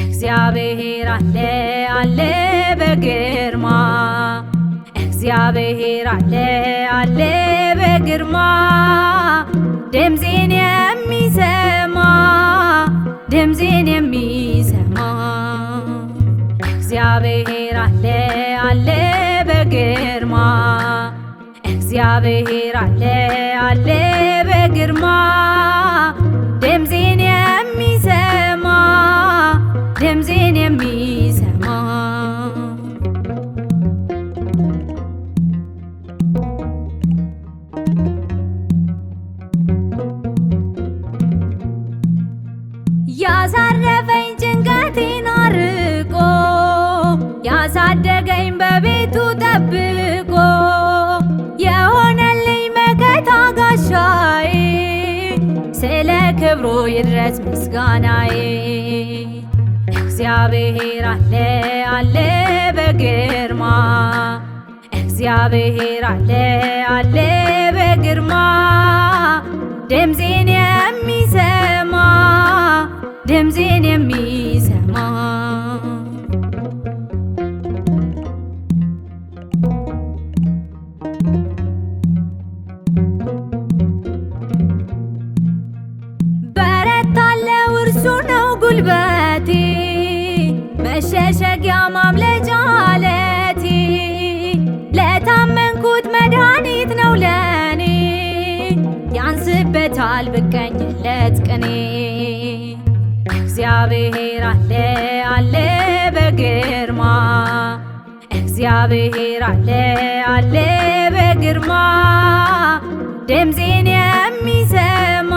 እግዚአብሔር አለ አለ በግርማ እግዚአብሔር አለ አለ በግርማ ድምፄን የሚሰማ ድምፄን የሚሰማ እግዚአብሔር አለ አለ በግርማ እግዚአብሔር አለ አለ በግርማ ያሳደገኝ በቤቱ ጠብቆ የሆነልኝ መከታ ጋሻዬ ስለ ክብሩ ይድረስ ምስጋናዬ። እግዚአብሔር አለ አለ በግርማ እግዚአብሔር አለ አለ በግርማ ድምፄን የሚሰማ ድምፄን የሚ መሸሸጊያ ማምለጫ አለቴ ለታመንኩት መድኃኒት ነው ለኔ ያንስበታል ብቀኝለት ቅኔ እግዚአብሔር አለ አለ በግርማ እግዚአብሔር አለ አለ በግርማ ድምፄን የሚሰማ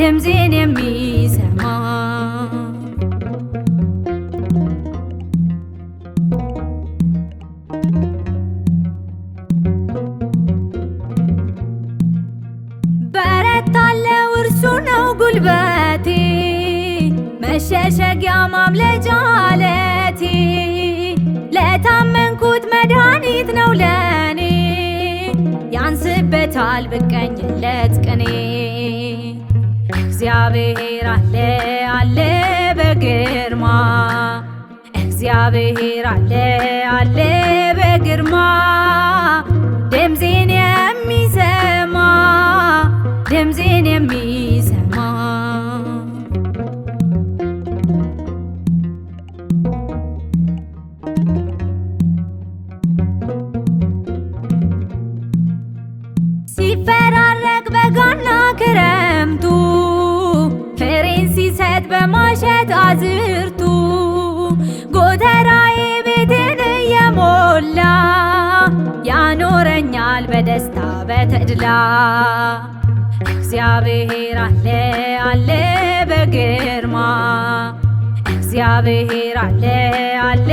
ድምፄን የሚ መሸጊያ ማምለጫ አለቴ ለታመንኩት መድኃኒት ነው ለኔ ያንስበታል ብቀኝለት ቅኔ እግዚአብሔር አለ አለ በግርማ እግዚአብሔር አለ አለ እሸት አዝርቱ ጎተራዬ ቤቴን እየሞላ ያኖረኛል በደስታ በተድላ እግዚአብሔር አለ አለ በግርማ እግዚአብሔር አለ አለ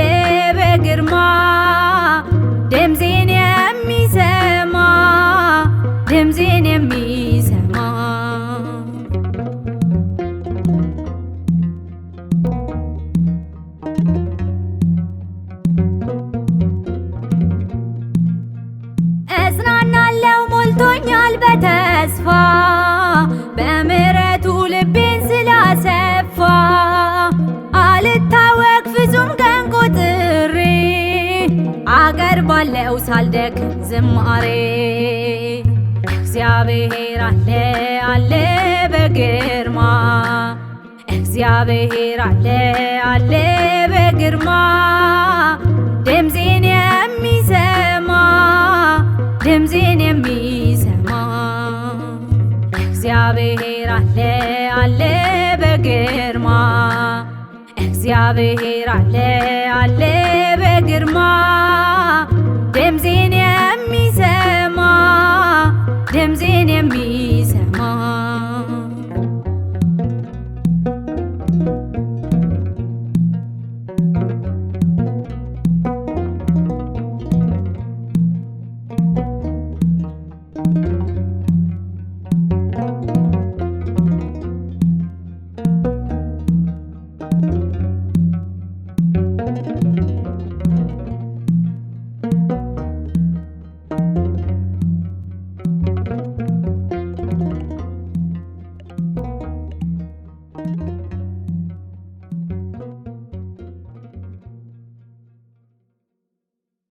ተስፋ በምሕረቱ ልቤን ስላሰፋ አልታወቅ ፍጹም ቀን አገር ባለው ሳልደክም ዝማሬ እግዚአብሔር አለ አለ በግርማ እግዚአብሔር አለ አለ በግርማ ድምፄን የሚሰማ ድምፄን የሚ እግዚአብሔር አለ አለ በግርማ እግዚአብሔር አለ አለ በግርማ ድምፄን የሚሰማ ድምፄን የሚ Thank you.